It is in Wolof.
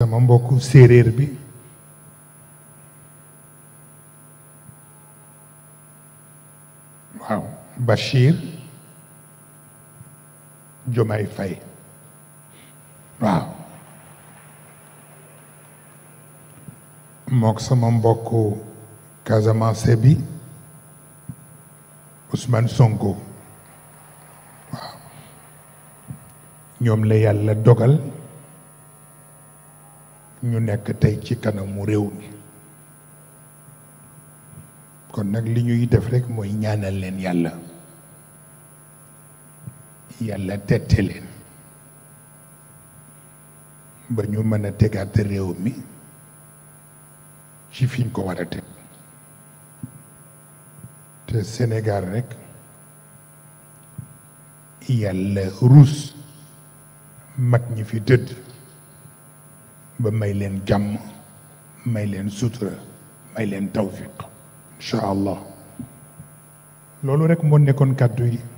sama mbokk séeréer bi waaw Bachir Diomaye fay waaw sama mbokku Casamance bi Ousmane Sonko waaw ñoom la yàlla dogal ñu nekk tey ci kanamu réew mi kon nag li ñuy def rekk mooy ñaanal leen yàlla yàlla tette leen ba ñu mën a tegaat réew mi ci fiñ ko war a teg te Sénégal rek yàlla ruus mag ñi fi tëdd ba may leen jàmm may leen sutura may leen tawfiq incha allah loolu rek moo nekkoon kàddu yi